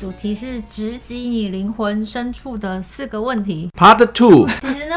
主題是直擊你靈魂深處的四個問題，Part Two。其實呢，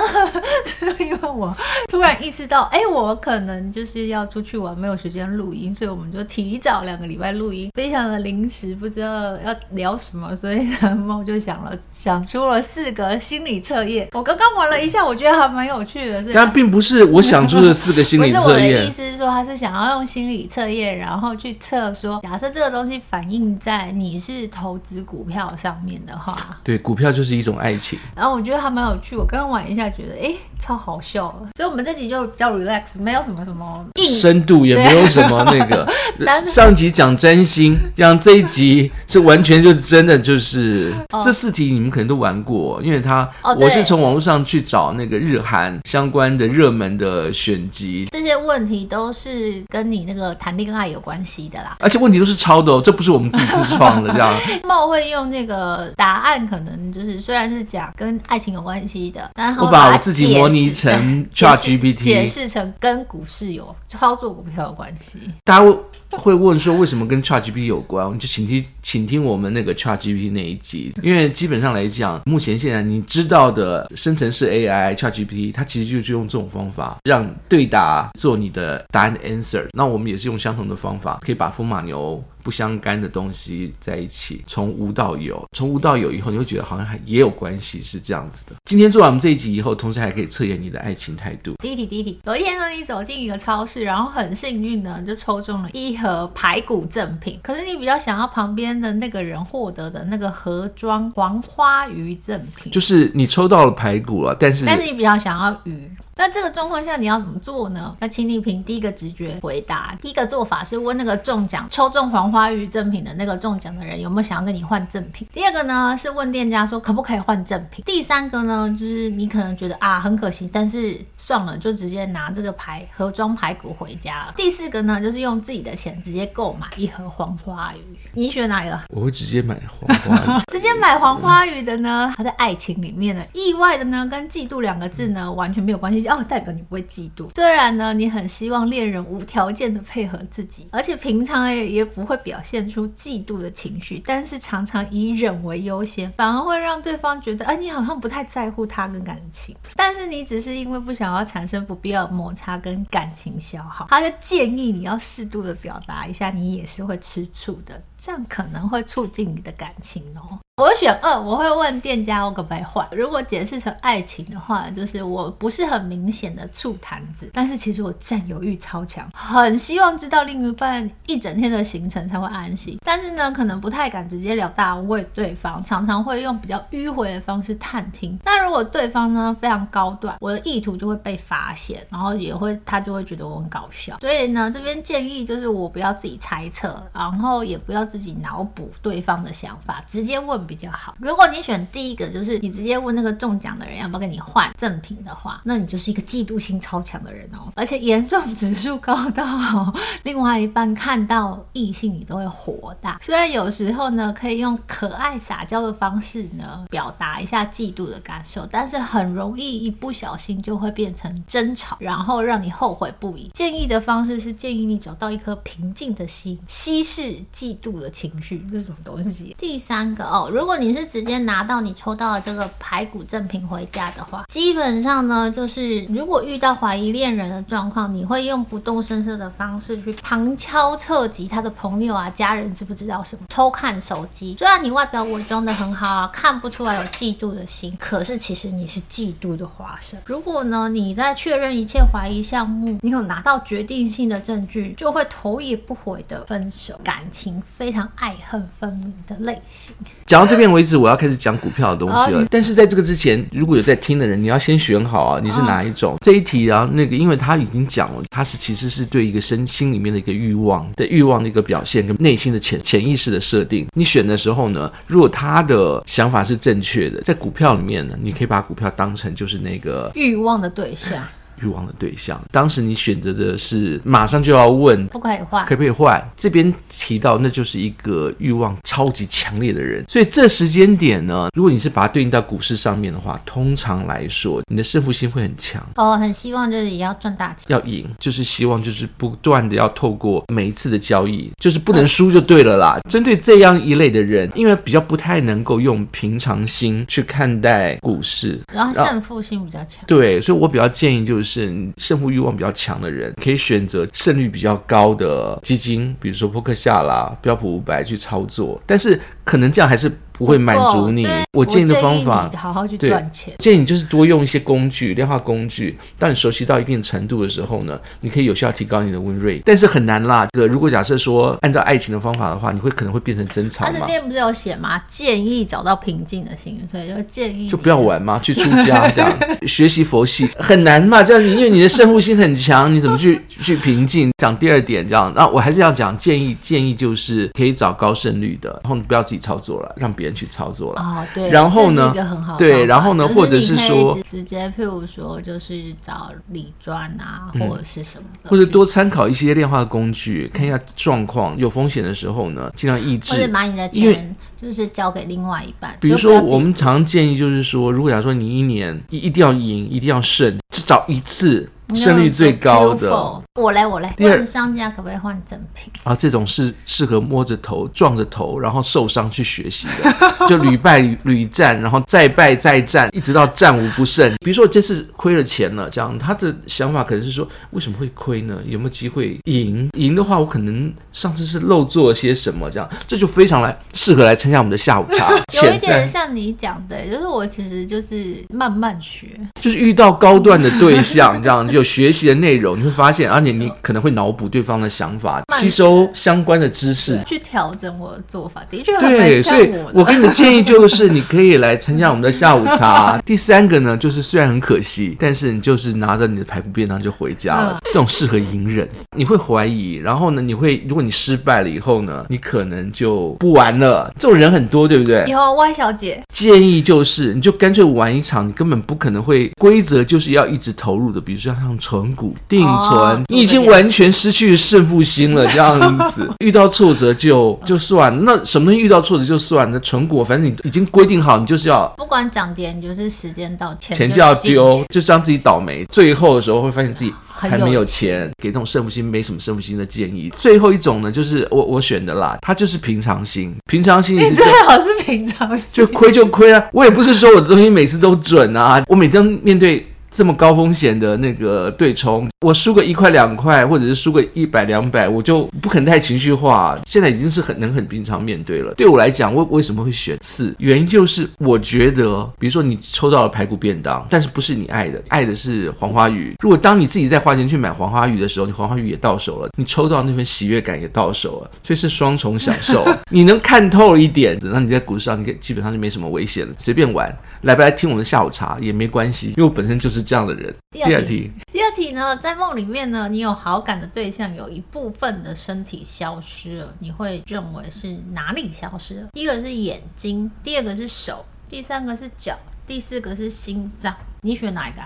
是 因為我突然意識到，哎、欸，我可能就是要出去玩，沒有時間錄音，所以我們就提早兩個禮拜錄音，非常的臨時，不知道要聊什麼，所以呢，我、嗯、就想了，想出了四個心理測驗。我剛剛玩了一下，我覺得還蠻有趣的。但並不是我想出的四個心理測驗， 不是我的意思是說，他是想要用心理測驗，然後去測說，假設這個東西反映在你是投資。股票上面的話，對，股票就是一種愛情。然後我覺得還蠻有趣，我剛剛玩一下，覺得哎。誒超好笑，所以我們這集就比較 relax，沒有什麼什麼深度，也沒有什麼那個。 上集講真心，講這一集是完全就真的就是、哦、這四題你們可能都玩過，因為他、哦、我是從網絡上去找那個日韓相關的熱門的選集。這些問題都是跟你那個談戀愛有關係的啦，而且問題都是抄的哦，這不是我們自己自創的，這樣。茂會用那個答案，可能就是雖然是講跟愛情有關係的，但是我把我自己。你成 ChatGPT，解釋成跟股市有操作股票有關係。大家會會問說，為什麼跟 ChatGPT 有關？就請聽，請聽我們那個 ChatGPT 那一集。因為基本上來講，目前現在你知道的生成式 AI ChatGPT，它其實就是用這種方法讓對答做你的答案的 answer。那我們也是用相同的方法，可以把風馬牛。不相干的東西在一起，從無到有，從無到有以後，你會覺得好像也也有關係，是這樣子的。今天做完我們這一集以後，同時還可以測驗你的愛情態度。第一題，第一題，有一天呢，你走進一個超市，然後很幸運呢，就抽中了一盒排骨贈品。可是你比較想要旁邊的那個人獲得的那個盒裝黃花魚贈品，就是你抽到了排骨了，但是但是你比較想要魚。那這個狀況下你要怎麼做呢？那請你憑第一個直覺回答。第一個做法是問那個中獎抽中黃花魚贈品的那個中獎的人有沒有想要跟你換贈品。第二個呢是問店家說可不可以換贈品。第三個呢就是你可能覺得啊，很可惜，但是算了，就直接拿這個牌，盒裝排骨回家了。第四個呢就是用自己的錢直接購買一盒黃花魚。你選哪一個？我會直接買黃花魚。 直接買黃花魚的呢？他在愛情裡面呢，意外的呢跟嫉妒兩個字呢完全沒有關係。哦，代表你不會嫉妒，雖然呢，你很希望戀人無條件的配合自己，而且平常也也不會表現出嫉妒的情緒，但是常常以忍為優先，反而會讓對方覺得哎、呃，你好像不太在乎他跟感情。但是你只是因為不想要產生不必要的摩擦跟感情消耗，他就建議你要適度的表達一下，你也是會吃醋的，這樣可能會促進你的感情哦。我選二，我會問店家我可不可以換。如果解釋成愛情的話，就是我不是很明顯的醋罈子，但是其實我占有欲超強，很希望知道另一半一整天的行程才會安心。但是呢，可能不太敢直接了當問對方，常常會用比較迂回的方式探聽。那如果對方呢非常高段，我的意圖就會被發現，然後也會他就會覺得我很搞笑。所以呢，這邊建議就是我不要自己猜測，然後也不要自己腦補對方的想法，直接問。比較好。如果你選第一個，就是你直接問那個中獎的人要不要跟你換贈品的話，那你就是一個嫉妒心超強的人哦，而且嚴重指數高到，另外一半看到異性你都會火大。雖然有時候呢可以用可愛撒嬌的方式呢表達一下嫉妒的感受，但是很容易一不小心就會變成爭吵，然後讓你後悔不已。建議的方式是建議你找到一顆平靜的心，稀釋嫉妒的情緒。這是什麼東西？第三個哦。如果你是直接拿到你抽到的這個排骨贈品回家的話，基本上呢，就是如果遇到懷疑戀人的狀況，你會用不動聲色的方式去旁敲側擊他的朋友啊、家人知不知道什麼，偷看手機。雖然你外表偽裝的很好啊，看不出來有嫉妒的心，可是其實你是嫉妒的化身。如果呢，你在確認一切懷疑項目，你有拿到決定性的證據，就會頭也不回的分手。感情非常愛恨分明的類型。到這邊為止，我要開始講股票的東西了。但是在這個之前，如果有在聽的人，你要先選好啊，你是哪一種這一題。然後那個，因為他已經講了，他是其實是對一個身心裡面的一個慾望的慾望的一個表現，跟內心的潛潛意識的設定。你選的時候呢，如果他的想法是正確的，在股票裡面呢，你可以把股票當成就是那個慾望的對象。嗯。欲望的對象，當時你選擇的是馬上就要問，不可以換，可不可以換？這邊提到，那就是一個欲望超級強烈的人，所以這時間點呢，如果你是把它對應到股市上面的話，通常來說，你的勝負心會很強。哦，很希望就是也要賺大錢，要贏，就是希望就是不斷的要透過每一次的交易，就是不能輸就對了啦。哦。針對這樣一類的人，因為比較不太能夠用平常心去看待股市，然後勝負心比較強，對，所以我比較建議就是。是你勝負欲望比較強的人，可以選擇勝率比較高的基金，比如說波克夏啦、標普五百去操作，但是。可能這樣還是不會滿足你。我建議的方法，好好去賺錢。建議你就是多用一些工具，量化工具。當你熟悉到一定程度的時候呢，你可以有效提高你的 win rate。但是很難啦。這個如果假設說按照愛情的方法的話，你會可能會變成爭吵。他、啊、這邊不是有寫嗎？建議找到平靜的心對，所以就建議就不要玩嘛， 去出家這樣，學習佛系很難嘛。這樣，因為你的勝負心很強，你怎麼去去平靜？講第二點這樣，那我還是要講建議，建議就是可以找高勝率的，然後你不要自己。操作了，讓別人去操作了對，然後呢？對，然後呢？後呢就是、或者是說直接，譬如說，就是找理專啊，嗯、或者是什麼，或者多參考一些量化工具，看一下狀況。有風險的時候呢，盡量抑制，或者把你的錢就是交給另外一半。比如說，我們常、常建議就是說，如果假如說你一年一一定要贏，一定要勝，只找一次。勝率最高，最高的，我來我來。問商家可不可以換贈品啊？這種是適合摸着頭撞着頭，然後受傷去學習的，就屢敗屢戰，然後再敗再戰，一直到戰無不勝。比如說我這次虧了錢了，這樣他的想法可能是說，為什麼會虧呢？有沒有機會贏？贏的話，我可能上次是漏做了些什麼，這樣這就非常來適合來參加我們的下午茶。 有一點像你講的，就是我其實就是慢慢學，就是遇到高段的對象，這樣就。學習的內容，你會發現，而、啊、且你，你可能會腦補對方的想法，吸收相關的知識，去調整我的做法。的確。對，所以我給你的建議就是，你可以來參加我們的下午茶。 第三個呢，就是雖然很可惜，但是你就是拿着你的排骨便當就回家了。啊、這種適合隱忍，你會懷疑。然後呢，你會，如果你失敗了以後呢，你可能就不玩了。這種人很多，對不對？以後，萬小姐建議就是，你就乾脆玩一場，你根本不可能會規則就是要一直投入的，比如說像。存股定存，你已經完全失去勝負心了。這樣子，遇到挫折就就算。那什麼東西遇到挫折就算？那存股，反正你已經規定好，你就是要不管漲跌，你就是時間到錢錢就要丟，就是讓自己倒霉。最後的時候會發現自己還沒有錢。給那種勝負心沒什麼勝負心的建議。最後一種呢，就是我我選的啦，它就是平常心。平常心你最好是平常心，就虧就虧啊！我也不是說我的東西每次都準啊，我每天面對。這麼高風險的那個對沖，我輸個一塊兩塊，或者是輸個一百兩百，我就不肯太情緒化。現在已經是很能很平常面對了。對我來講，為為什麼會選四？原因就是我覺得，比如說你抽到了排骨便當，但是不是你愛的，愛的是黃花魚。如果當你自己在花錢去買黃花魚的時候，你黃花魚也到手了，你抽到那份喜悅感也到手了，所以是雙重享受。 你能看透一點，那你在股市上你基本上就沒什麼危險了，隨便玩。來不來聽我的下午茶也沒關係，因為我本身就是。這樣的人。第二題，第二題呢，在夢裡面呢，你有好感的對象有一部分的身體消失了，你會認為是哪裡消失了？一個是眼睛，第二個是手，第三個是腳，第四個是心臟。你選哪一個？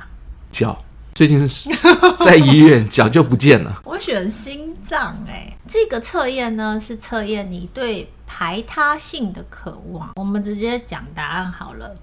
腳，最近是在醫院，腳 就不見了。我選心臟。哎，這個測驗呢，是測驗你對排他性的渴望。我們直接講答案好了。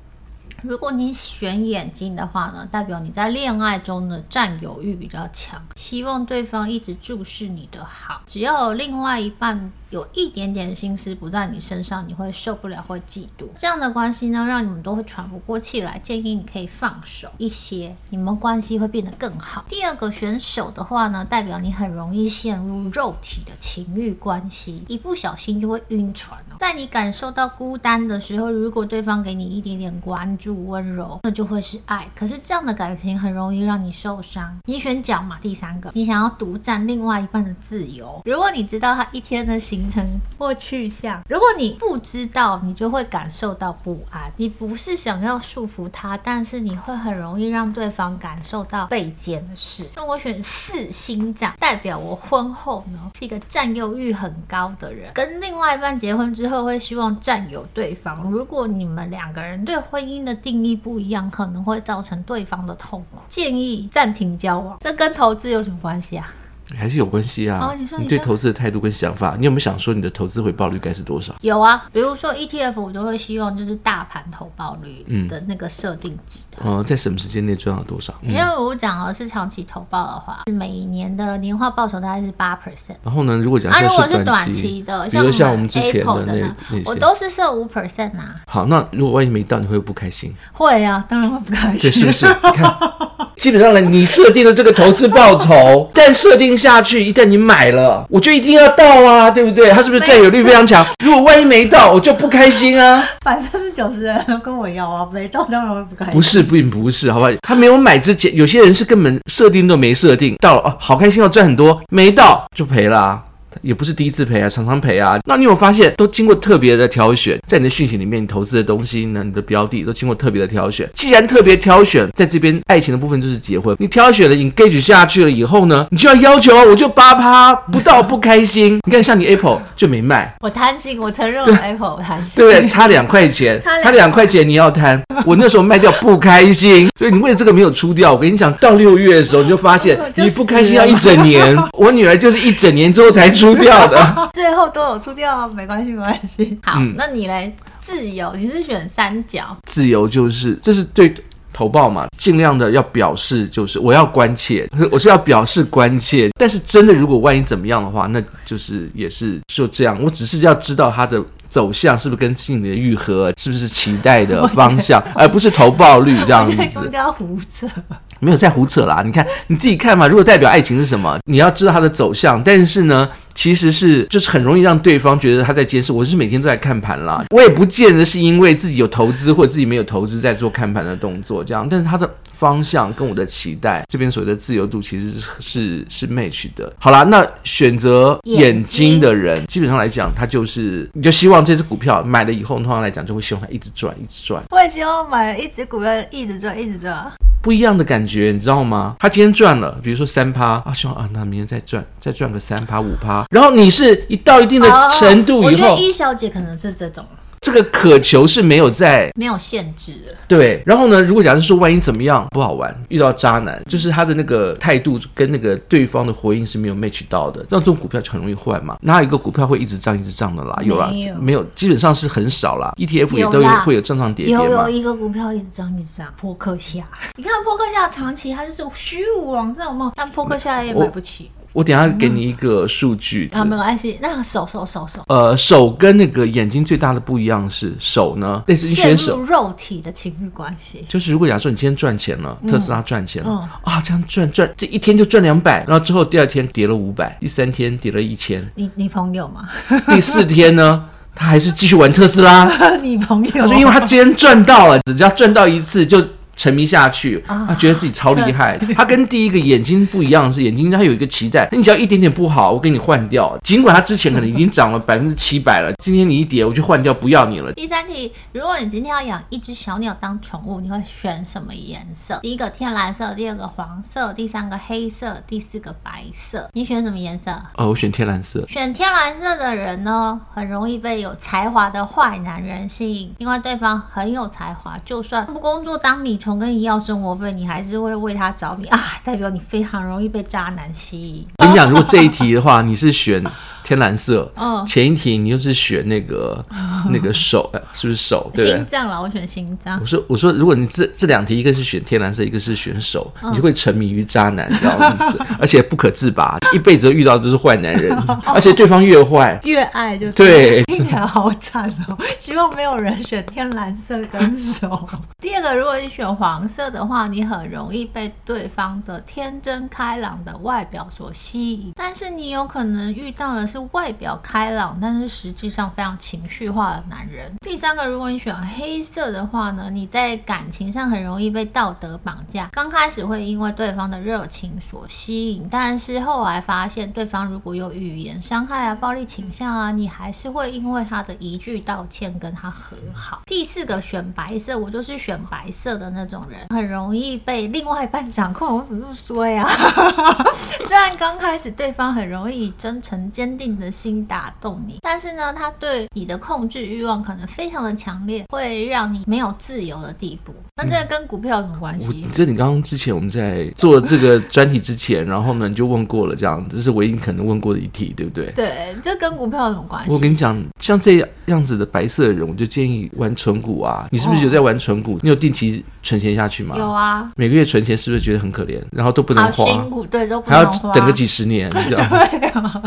如果你選眼睛的話呢，代表你在戀愛中的占有欲比較強，希望對方一直注視你的好。只要另外一半有一點點心思不在你身上，你會受不了，會嫉妒。這樣的關係呢，讓你們都會喘不過氣來。建議你可以放手一些，你們關係會變得更好。第二個選手的話呢，代表你很容易陷入肉體的情欲關係，一不小心就會暈船哦、喔。在你感受到孤單的時候，如果對方給你一點點關注，溫柔，那就會是愛。可是這樣的感情很容易讓你受傷。你選腳嘛？第三個，你想要獨佔另外一半的自由。如果你知道他一天的行程或去向，如果你不知道，你就會感受到不安。你不是想要束縛他，但是你會很容易讓對方感受到被監視。那我選四心臟，代表我婚後呢，是一個佔有欲很高的人，跟另外一半結婚之後會希望佔有對方。如果你們兩個人對婚姻的定義不一樣，可能會造成對方的痛苦。建議暫停交往，這跟投資有什麼關係啊？還是有關係啊、哦，你說你說！你對投資的態度跟想法，你有沒有想說你的投資回報率該是多少？有啊，比如說 ETF，我就會希望就是大盤投報率的那個設定值，嗯。哦，在什麼時間內賺了多少？因為我講的是長期投報的話，是每一年的年化報酬大概是八 percent。然後呢，如果講像、啊、是短期的像，比如像我們之前的那，的呢那，那我都是設五 percent 啊。好，那如果萬一沒到，你會不，會不開心？會啊，當然會不開心。對，是不是？你看。 基本上呢，你設定了這個投資報酬，但 設定下去，一旦你買了，我就一定要到啊，對不對？它是不是佔有率非常強？如果萬一沒到，我就不開心啊！百分之九十的人都跟我要啊，沒到當然會不開心。不是，並不是，好吧？他沒有買之前，有些人是根本設定都沒設定到哦、啊，好開心要、哦、賺很多，沒到就賠了、啊。.也不是第一次賠啊，常常賠啊。那你有，有發現都經過特別的挑選，在你的訊息裡面，你投資的東西呢，你的標的都經過特別的挑選。既然特別挑選，在這邊愛情的部分就是結婚。你挑選了 engage 下去了以後呢，你就要要求，我就八趴不到不開心。你看，像你 Apple 就沒賣，我貪心，我承認我 Apple 貪心，對，對，不對，差兩塊錢，差兩塊錢你要，兩塊你要貪，我那時候賣掉不開心，所以你為了這個沒有出掉。我跟你講，到六月的時候你就發現就你不開心要一整年。我女兒就是一整年之後才。出掉的 ，最後都有出掉啊，沒關係，沒關係。好，嗯、那你咧？自由，你是選三角。自由就是，這是對投報嘛，盡量的要表示就是我要關切，我是要表示關切。但是真的，如果萬一怎麼樣的話，那就是也是就這樣。我只是要知道它的走向是不是跟心理的愈合，是不是期待的方向，而不是投報率這樣子。你剛胡扯，沒有在胡扯啦。你看你自己看嘛。如果代表愛情是什麼，你要知道它的走向。但是呢？其實是就是很容易讓對方覺得他在監視。我是每天都在看盤啦，我也不見得是因為自己有投資或者自己沒有投資在做看盤的動作這樣。但是他的方向跟我的期待這邊所謂的自由度其實是是是 match 的。好啦，那選擇眼睛的人，眼睛，基本上來講，他就是你就希望這隻股票買了以後，通常來講就會希望它一直賺一直賺。我也希望買了一只股票，一直賺一直賺。不一樣的感覺，你知道嗎？他今天賺了，比如說三趴啊，希望啊，那明天再賺，再賺個三趴五趴。然後你是一到一定的程度以後，哦、我覺得一小姐可能是這種。這個渴求是沒有在，沒有限制的。對，然後呢，如果假設說，萬一怎麼樣不好玩，遇到渣男，就是他的那個態度跟那個對方的回應是沒有 match 到的，那這種股票就很容易壞嘛。哪有一個股票會一直漲、一直漲的啦？有，有啊，沒有，基本上是很少啦。ETF 也都會會有漲漲跌跌。有有一個股票一直漲一直漲，波克夏。 你看波克夏長期它就是虛無王，你知道嗎？但波克夏也買不起。我等一下給你一個數據、嗯、啊，沒有關係。那手手手手，呃，手跟那個眼睛最大的不一樣是手呢，那是一些陷入肉體的情慾關係。就是如果假設你今天賺錢了，特斯拉賺錢了啊、嗯嗯哦，這樣賺賺這一天就賺兩百，然後之後第二天跌了五百，第三天跌了一千。你你朋友嗎？ 第四天呢，他還是繼續玩特斯拉。你朋友？他說，因為他今天賺到了，只要賺到一次就。沉迷下去，他覺得自己超厲害，啊。他跟第一個眼睛不一樣，是眼睛它有一個期待。你只要一點點不好，我給你換掉。儘管他之前可能已經漲了百分之七百了，今天你一跌，我就換掉，不要你了。第三題，如果你今天要養一隻小鳥當寵物，你會選什麼顏色？第一個天藍色，第二個黃色，第三個黑色，第四個白色。你選什麼顏色？哦，我選天藍色。選天藍色的人呢，很容易被有才華的壞男人吸引，因為對方很有才華，就算不工作當米。窮跟你要生活費，你還是會為他着迷啊，代表你非常容易被渣男吸引。我、哦、跟你講，如果這一題的話，你是選。 天藍色。Oh. 前一題你就是選那個那個手，oh. 是不是手？對，心臟了，我選心臟。我說我說，如果你這這兩題一個是選天藍色，一個是選手，oh. 你就會沉迷於渣男，你、oh. 知道嗎？ 而且不可自拔，一輩子都遇到的都是壞男人，oh. 而且對方越壞、oh. 越愛就，就對，聽起來好慘哦、喔。 希望沒有人選天藍色跟手。 第二個，如果你選黃色的話，你很容易被對方的天真開朗的外表所吸引，但是你有可能遇到的是。外表開朗，但是實際上非常情緒化的男人。第三個，如果你選黑色的話呢，你在感情上很容易被道德綁架。剛開始會因為對方的熱情所吸引，但是後來發現對方如果有語言傷害啊、暴力傾向啊，你還是會因為他的一句道歉跟他和好。第四個，選白色，我就是選白色的那種人，很容易被另外一半掌控。我怎麼這麼說呀？ 雖然剛開始對方很容易真誠堅定。你的心打動你，但是呢，他對你的控制慾望可能非常的強烈，會讓你沒有自由的地步。那這個跟股票有什麼關係？嗯，我覺得你剛剛之前我們在做這個專題之前， 然後呢，你就問過了這，這樣這是唯一可能問過的一題，對不對？對，這跟股票有什麼關係？我跟你講，像這樣。這樣子的白色的人，我就建議玩存股啊。你是不是有在玩存股、哦？你有定期存錢下去嗎？有啊。每個月存錢是不是覺得很可憐？然後都不能花,、啊、辛苦、對、都不能花，還要等個幾十年，你知道嗎？對啊。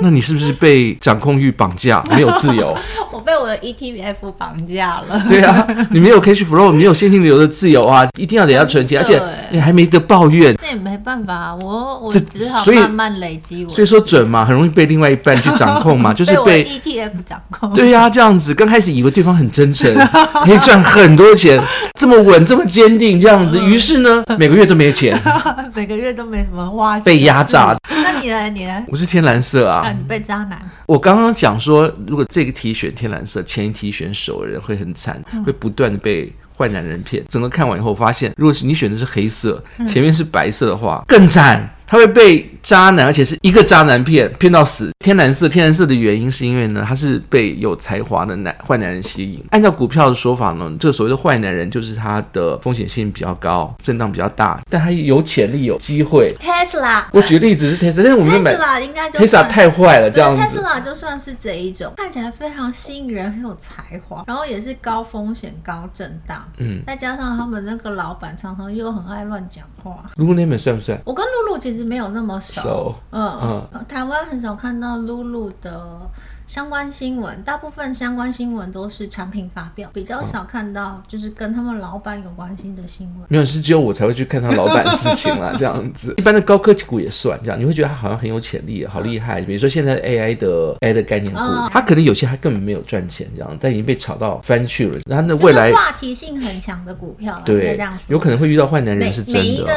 那你是不是被掌控欲綁架，沒有自由？ 我被我的 ETF 綁架了。對啊，你沒有 cash flow，沒有現金流的自由啊，一定要等要存錢，而且你、欸、還沒得抱怨。那也沒辦法，我我只好慢慢累積。我所以說準嘛，很容易被另外一半去掌控嘛，就是被， 被 ETF 掌控。對呀、啊，這樣子，剛開始以為對方很真誠， 可以賺很多錢， 這麼穩，這麼堅定，這樣子，於是呢，每個月都沒錢， 每個月都沒什麼花錢，被壓榨。 那你呢？你呢？我是天藍色啊，啊你被渣男。我剛剛講說，如果這個題選天藍色，前一題選手的人會很慘、嗯，會不斷的被。壞男人片，整個看完以後，發現如果是你選的是黑色、嗯，前面是白色的話，更慘。他會被渣男，而且是一個渣男騙騙到死。天藍色，天藍色的原因是因為呢，他是被有才華的男壞男人吸引。按照股票的說法呢，這個、所謂的壞男人就是他的風險性比較高，震蕩比較大，但他有潛力，有機會。Tesla。我舉個例子是 Tesla， 但是我們買特斯拉應該就 Tesla 太壞了 Tesla 這，這樣，Tesla 就算是這一種，看起來非常吸引人，很有才華，然後也是高風險、高震蕩，嗯，再加上他們那個老板常常又很愛亂講話。露露那邊帥不帥？我跟露露其實。其實沒有那麼少，so, uh. 嗯，台灣很少看到露露的。相關新聞，大部分相關新聞都是產品發表，比較少看到就是跟他們老板有關係的新聞，嗯嗯。沒有，是只有我才會去看他老板的事情啦， 這樣子。一般的高科技股也算這樣，你會覺得他好像很有潛力，好厲害。嗯、比如說現在 AI 的 AI 的概念股，他、嗯、可能有些還根本沒有賺錢，這樣但已經被炒到翻去了。然後那未來、就是、話題性很強的股票啦，對，這樣說有可能會遇到壞男人是真的，是每一個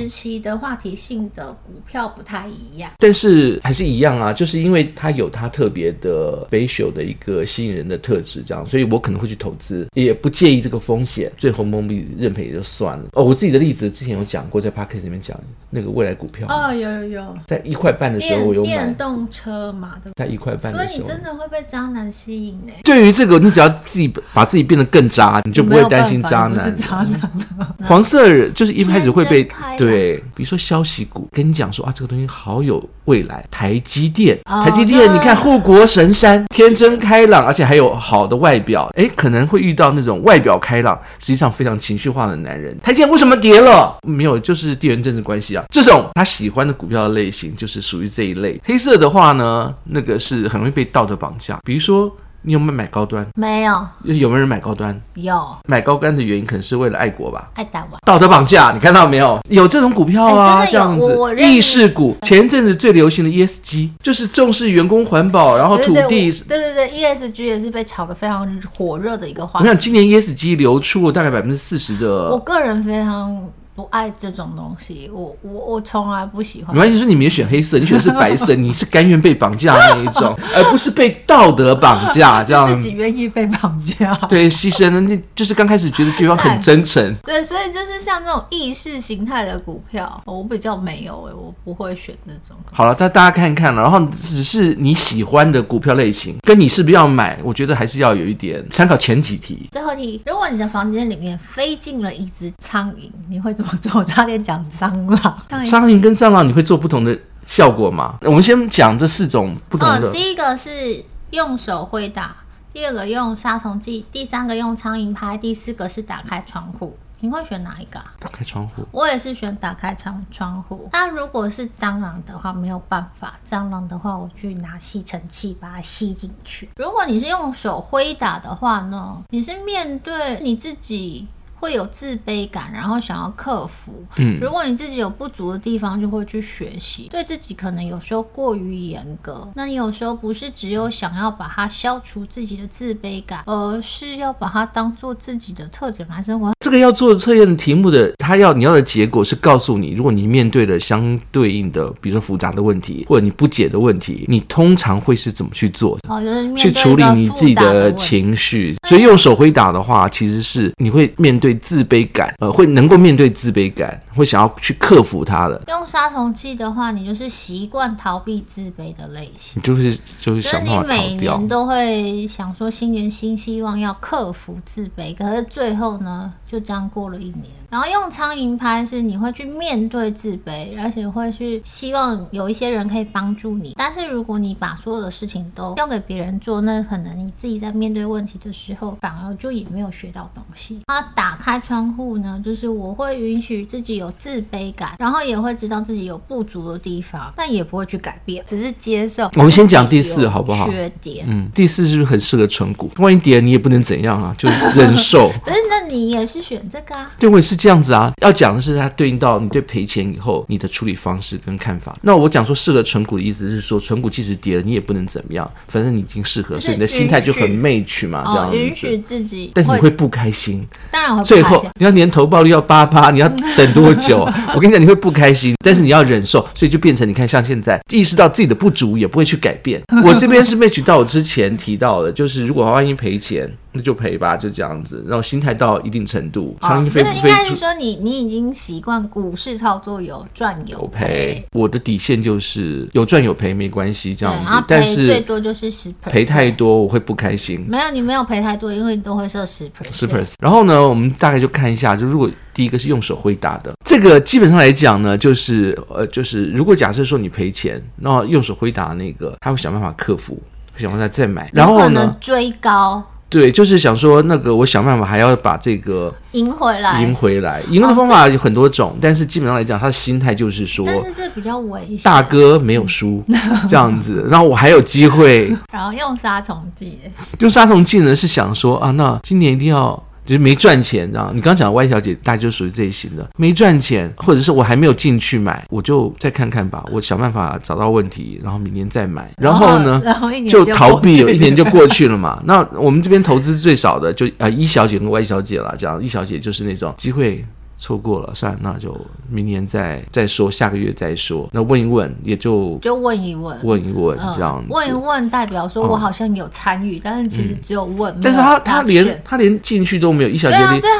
時期的話題性的股票不太一樣，嗯、但是還是一樣啊，就是因為他有他特別的。呃，facial 的一個吸引人的特質，這樣，所以我可能會去投資，也不介意這個風險，最後蒙蔽認賠也就算了。哦，我自己的例子之前有講過，在 Parkes 裡面講那個未來股票，哦，有有有，在一塊半的時候，我有買，電，電動車嘛對不對？在一塊半的時候，所以你真的會被渣男吸引呢、欸？對於這個，你只要自己把自己變得更渣，你就不會擔心渣男。是渣男， 黃色人就是一開始會被對，比如說消息股，跟你講說啊，這個東西好有未來，台積電，哦、台積電，你看護國神。人山天真開朗，而且還有好的外表，哎，可能會遇到那種外表開朗，實際上非常情緒化的男人。台積電為什麼跌了？沒有，就是地緣政治關係啊。這種他喜歡的股票的類型，就是屬於這一類。黑色的話呢，那個是很容易被道德綁架，比如說。你有沒有買高端？沒有。有沒有人買高端？有。買高端的原因可能是為了愛國吧？愛台灣。道德綁架，你看到沒有？有這種股票啊，欸、這樣子。意識股前一陣子最流行的 ESG，就是重視員工、環保，然後土地。對對對，對，對，對，ESG 也是被炒得非常火熱的一個話。我想今年 ESG 流出了大概百分之四十的。我個人非常。不愛這種東西，我我我從來不喜歡。沒關係，說你沒有選黑色，你選的是白色， 你是甘願被綁架那一種，而不是被道德綁架 這樣。自己願意被綁架。對，犧牲那就是剛開始覺得對方很真誠。 對，所以就是像這種意識形態的股票，我比較沒有哎，我不會選那種。好了，但大家看一看了，然後只是你喜歡的股票類型，跟你是不是要買，我覺得還是要有一點參考前幾題。最後題：如果你的房間裡面飛進了一隻蒼蠅，你會怎麼？ 我差點講蟑螂。蒼蠅跟蟑螂你會做不同的效果嗎？我們先講這四種不同的。嗯，第一個是用手揮打，第二個用殺蟲劑，第三個用蒼蠅拍，第四個是打開窗戶。你會選哪一個？打開窗戶。我也是選打開窗窗戶。那如果是蟑螂的話，沒有辦法。蟑螂的話，我去拿吸塵器把它吸進去。如果你是用手揮打的話呢？你是面對你自己。會有自卑感，然後想要克服。嗯，如果你自己有不足的地方，就會去學習。對自己可能有時候過於嚴格，那你有時候不是只有想要把它消除自己的自卑感，而是要把它當做自己的特點來生活。這個要做測驗的題目的，他要你要的結果是告訴你，如果你面對的相對應的，比如說複雜的問題或者你不解的問題，你通常會是怎麼去做？哦，就是面對去處理你自己的情緒。嗯。所以用手揮打的話，其實是你會面對。自卑感，呃，會能夠面對自卑感。會想要去克服它的。用殺蟲劑的話，你就是習慣逃避自卑的類型。你就是就是想、就是、你每年都會想說新年新希望要克服自卑，可是最後呢就這樣過了一年。然後用蒼蠅拍是你會去面對自卑，而且會去希望有一些人可以幫助你。但是如果你把所有的事情都交給別人做，那可能你自己在面對問題的時候反而就也沒有學到東西。他、啊、打開窗戶呢，就是我會允許自己有。自卑感，然後也會知道自己有不足的地方，但也不會去改變，只是接受。我們先講第四，好不好？缺點，嗯，第四就是很適合存股。萬一跌了，你也不能怎樣啊，就是忍受。 不是，那你也是選這個啊？對，我也是這樣子啊。要講的是，它對應到你對賠錢以後你的處理方式跟看法。那我講說適合存股的意思是說，存股即使跌了，你也不能怎麼樣，反正你已經適合，就是、所以你的心態就很 match 嘛，哦，這樣允許自己，但是你會不開心。當然會不開心。最後， 你要年投報率要八趴，你要等多久，我跟你講，你會不開心，但是你要忍受，所以就變成你看，像現在意識到自己的不足，也不會去改變。我這邊是沒取到我之前提到的，就是如果萬一賠錢。那就賠吧，就這樣子。然後心態到一定程度，啊飛不飛不，那應該是說你你已經習慣股市操作有賺有賠。欸、我的底線就是有賺有賠沒關係，這樣子。啊、但是最多就是十賠太多我會不開心。沒有，你沒有賠太多，因為都會設十十。然後呢，我們大概就看一下，就如果第一個是用手揮打的，這個基本上來講呢，就是呃，就是如果假設說你賠錢，那用手揮打那個，他會想辦法克服，想辦法再買。然後呢，呢追高。對，就是想說那個，我想辦法還要把這個贏回來，贏回來。贏的方法有很多種，啊、但是基本上來講，他的心態就是說，但是這比較危險、啊。大哥沒有輸， 這樣子，然後我還有機會。 然後用殺蟲劑，用殺蟲劑呢是想說啊，那今年一定要。就是沒賺錢，你知道？你剛講的 Y 小姐，大家就屬於這一型的，沒賺錢，或者是我還沒有進去買，我就再看看吧，我想辦法找到問題，然後明年再買。然後呢？然後，然後就逃避，一年就過去了嘛。 那我們這邊投資最少的，就啊、呃 E 小姐和 Y 小姐啦，這樣，E 小姐就是那種機會。錯過了，算了，那就明年再再說，下個月再說。那問一問，也就問問就問一問，問一問、嗯、這樣子，問一問代表說我好像有參與，哦、但是其實只有問。嗯、有但是他他連他連進去都沒有，易、嗯、小姐，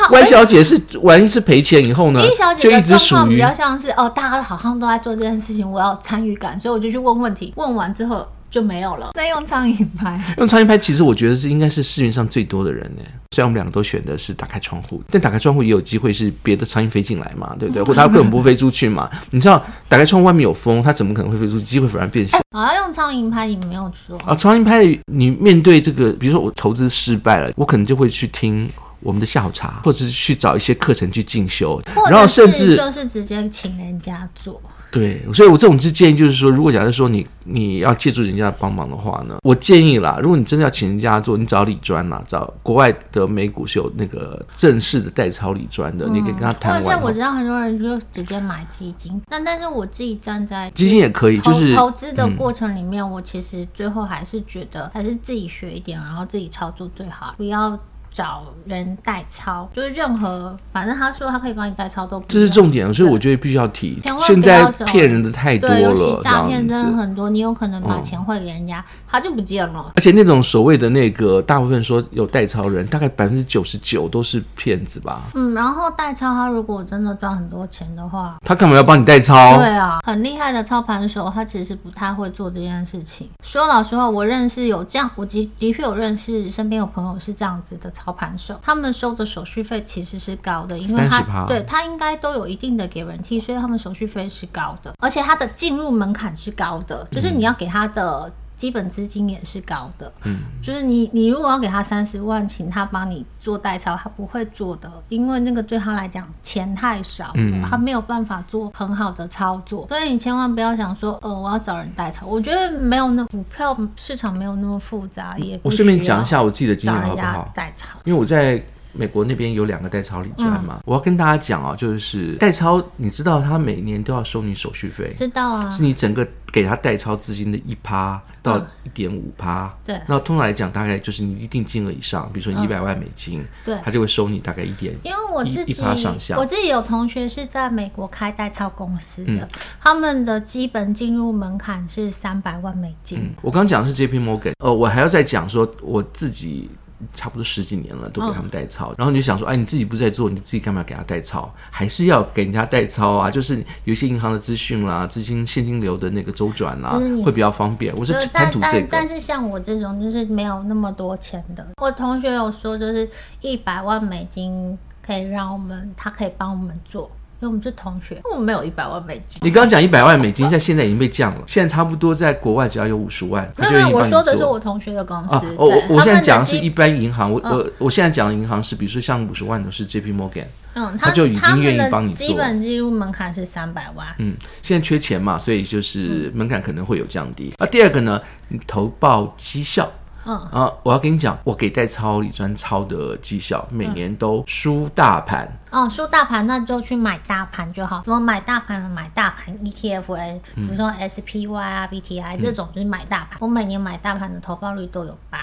關、啊、小姐是玩一次賠錢以後呢，易小姐就一直屬於比較像是哦，大家好像都在做這件事情，我要參與感，所以我就去問問題，問完之後。就沒有了。那用蒼蠅拍？用蒼蠅拍，其實我覺得是應該是市面上最多的人呢。雖然我們兩個都選的是打開窗戶，但打開窗戶也有機會是別的蒼蠅飛進來嘛，對不對？ 或它根本不會飛出去嘛。你知道，打開窗戶外面有風，它怎麼可能會飛出？機會反而變小。我、欸、要、啊、用蒼蠅拍，你沒有說。啊，蒼蠅拍，你面對這個，比如說我投資失敗了，我可能就會去聽我們的下午茶，或者是去找一些課程去進修，然後甚至就是直接請人家做。對，所以，我這種是建議，就是說，如果假設說你你要借助人家幫忙的話呢，我建議啦，如果你真的要請人家做，你找理專嘛，找國外的美股是有那個正式的代操理專的，你可以跟他談完，嗯。現在我知道很多人就直接買基金，那但，但是我自己站在基金也可以，就是投，投資的過程裡面、嗯，我其實最後還是覺得還是自己學一點，然後自己操作最好，不要。找人代操，就是任何反正他說他可以幫你代操都這是重點、啊，所以我覺得必須要提。要現在騙人的太多了，詐騙真的很多，你有可能把錢匯給人家、哦，他就不見了。而且那種所謂的那個，大部分說有代操人，大概百分之九十九都是騙子吧。嗯，然後代操他如果真的賺很多錢的話，他幹嘛要幫你代操？對啊，很厲害的操盤手，他其實不太會做這件事情。說老實話，我認識有這樣，我的的確有認識身邊有朋友是這樣子的操。操盤手他們收的手續費其實是高的，因為他對他應該都有一定的 guarantee，所以他們手續費是高的，而且他的進入門檻是高的，就是你要給他的。基本資金也是高的，嗯、就是你你如果要給他三十萬，請他幫你做代操，他不會做的，因為那個對他來講錢太少嗯嗯，他沒有辦法做很好的操作，所以你千萬不要想說，呃，我要找人代操，我覺得沒有那股票市場沒有那麼複雜，也我順便講一下我自己的經驗好不好？找人家代操好好，因為我在。美國那邊有兩個代操理財嘛、嗯，我要跟大家講啊，就是代操，你知道他每年都要收你手續費，知道啊，是你整個給他代操資金的一趴到一點五趴，對，那通常來講大概就是你一定金額以上，比如說一百萬美金，對，他就會收你大概一點、嗯，因為我自己，一趴上下，我自己有同學是在美國開代操公司的，嗯，他們的基本進入門檻是三百萬美金、嗯。嗯嗯、我剛講的是 JP Morgan、呃、我還要再講說我自己。差不多十幾年了，都給他們代操、嗯，然後你就想說，哎，你自己不在做，你自己幹嘛給他代操？還是要給人家代操啊？就是有一些銀行的資訊啦、啊，資金現金流的那個周轉啦、啊就是，會比較方便。我是談圖貪圖這個但但，但是像我這種就是沒有那麼多錢的，我同學有說，就是一百萬美金可以讓我們，他可以幫我們做。因為我們是同學，我們沒有一百萬美金。你剛剛講一百萬美金，在現在已經被降了，現在差不多在國外只要有五十萬，那沒有，我說的是我同學的公司。我、啊哦、我現在講的是一般銀行，我、哦、我我現在講的銀行是，比如說像五十萬的是 JP Morgan，嗯，他就已經願意幫你做。基本進入門檻是三百萬。嗯，現在缺錢嘛，所以就是門檻可能會有降低。那、啊、第二個呢，你投報績效。嗯啊，我要跟你講，我給代操理專操的績效每年都輸大盤、嗯嗯。哦，輸大盤，那就去買大盤就好。怎麼買大盤？買大盤 ETF 啊，比如說 SPY 啊、嗯、BTI 這種就是買大盤、嗯。我每年買大盤的投報率都有八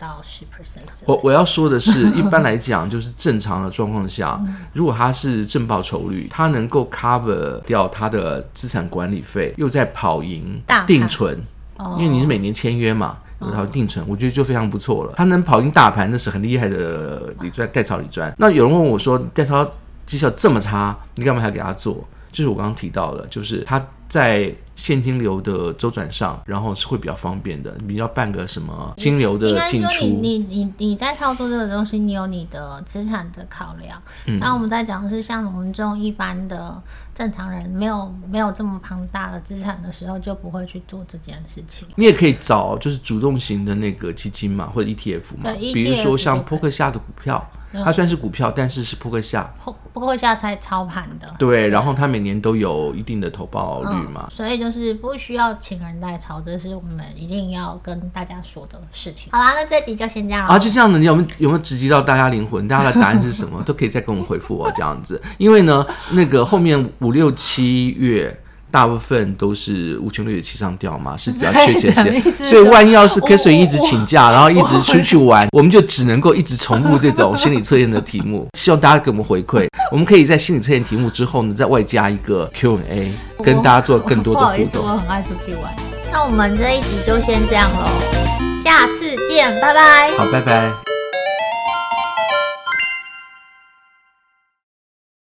到十 percent。我我要說的是，一般來講就是正常的狀況下， 如果它是正報酬率，它能夠 cover 掉它的資產管理費，又在跑贏定存、哦，因為你是每年簽約嘛。然、嗯、後定存，我覺得就非常不錯了。他能跑贏大盤，那是很厲害的理專，代操理專。那有人問我說，代操績效這麼差，你幹嘛還給他做？就是我剛剛提到的，就是它在現金流的週轉上，然後是會比較方便的。你要辦個什麼金流的進出？你你你，你，你在操作這個東西，你有你的資產的考量。嗯、然後我們在講的是像我們這種一般的正常人，沒有沒有這麼龐大的資產的時候，就不會去做這件事情。你也可以找就是主動型的那個基金嘛，或者 ETF 嘛。對，比如說像 Poker 下的股票。它、嗯、雖然是股票，但是是波克夏，波克夏才操盤的對。對，然後它每年都有一定的投報率嘛、嗯，所以就是不需要請人代操，這是我們一定要跟大家說的事情。好啦，那這集就先這樣。啊，就這樣子，你有沒有，有沒有直擊到大家靈魂？大家的答案是什麼？ 都可以再跟我們回覆哦，這樣子。因為呢，那個後面五六七月。大部分都是五窮六絕七上吊嘛，是比較缺錢些。所以萬一要是凱瑞一直請假，哦、然後一直出去,去玩我，我們就只能夠一直重複這種心理測驗的題目。 希望大家給我們回饋，我們可以在心理測驗題目之後呢，再外加一個 Q&A，跟大家做更多的互動。我很愛出去玩。那我們這一集就先這樣嘍，下次見，拜拜。好，拜拜。